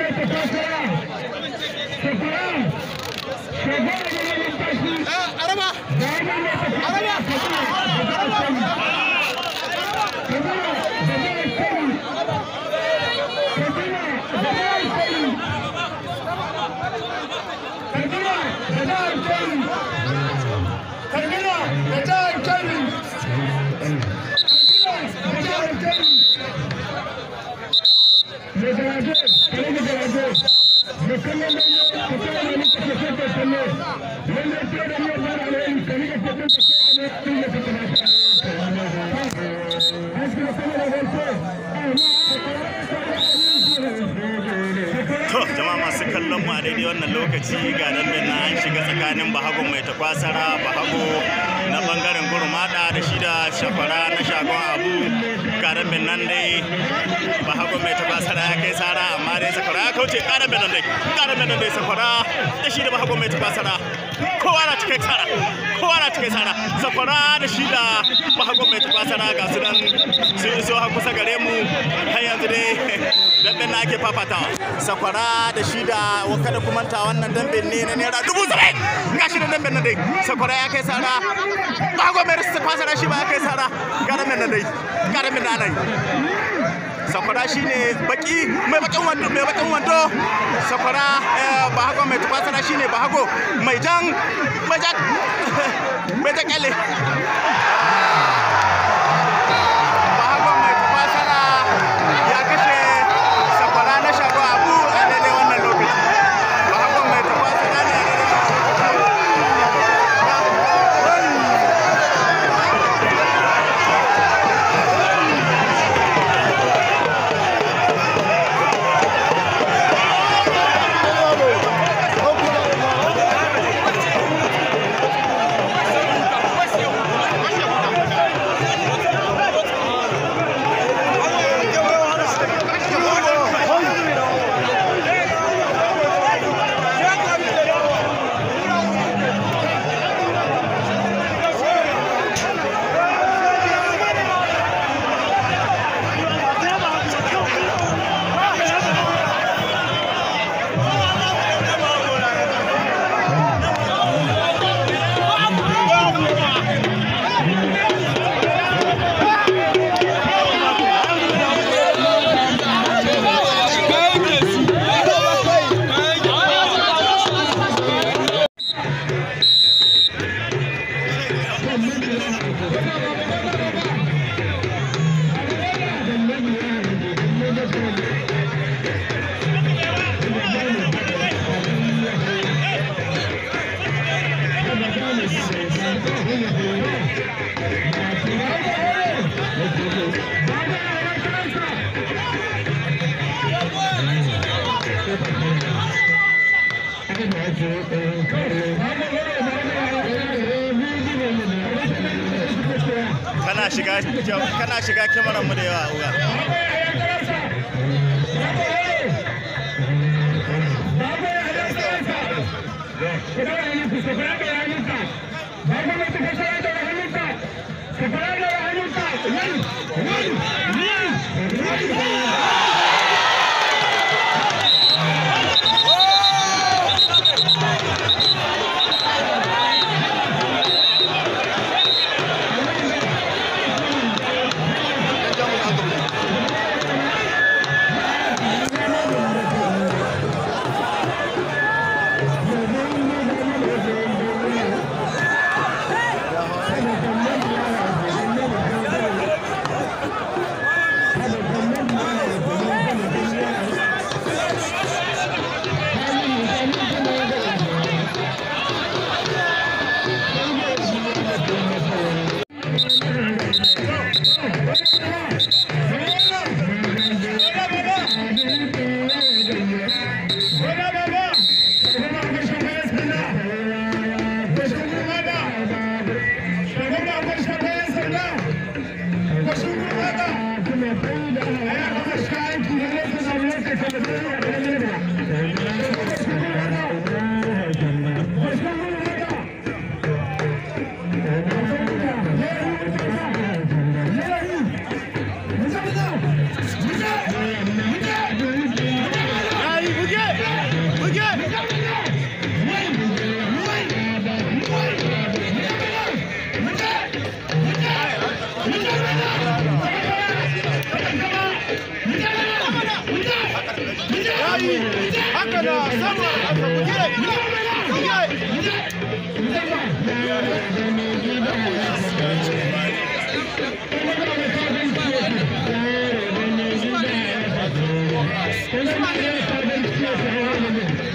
el Cáceres. To jama'a masu kallon mu a wannan lokaci ga nan na an shiga tsakanin bahago mai takwasara bahago na bangaren gurmada da shi da shafara na shagon abu karamin nan dai ba hagu mai sara ya kai tsara amma dai safara ya kauce karamin nan dai karamin nan dai safara da shi da ba hagu mai sara kowa na cikin tsara kowa na cikin tsara safara da shi da ba hagu mai sara ga su nan sun iso har kusa gare mu har yanzu dai dambe na ake fafatawa sakwara da shi da kada ku manta wannan dambe ne na naira dubu saba'in ga shi da dambe na dai sakwara ya kai sara bago mai rasu fasara shi ba ya kai sara garamin na dai garamin na nai sakwara shi ne baki mai bakin wando mai bakin wando sakwara eh, ba hago mai tufasara shi ne ba hago mai jan mai jan mai jan kyale kana shiga kyamarar mu da yawa uga Yeah.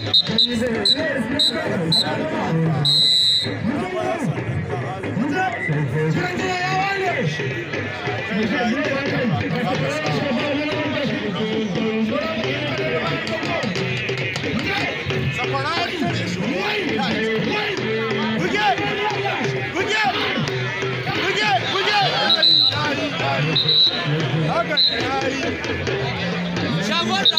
Hakan ya yi. Shagwar da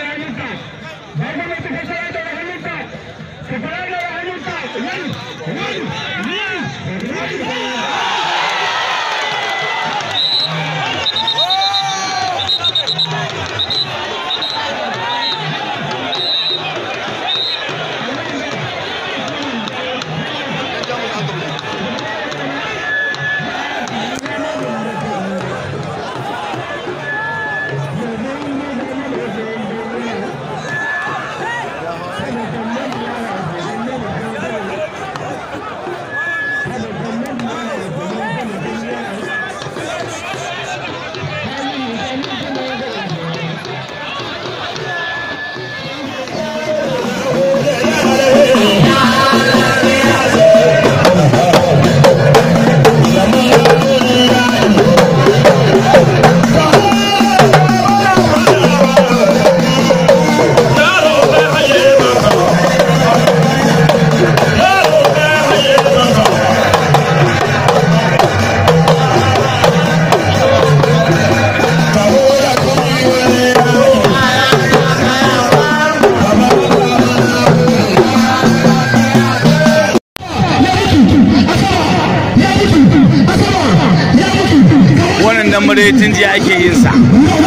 gargajiya ake yin sa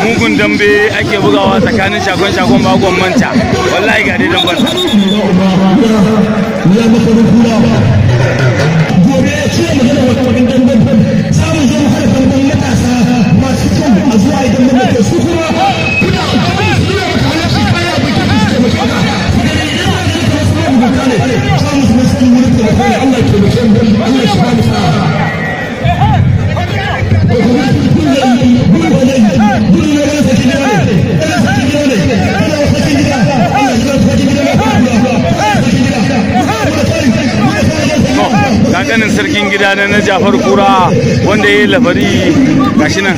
mugun dambe ake bugawa tsakanin shakon shakon bakon manta wallahi ga dai dambar Samun zama harafin matasa masu kyau a zuwa idan mutum su kuma gida na na jafar kura wanda ya yi labari gashi nan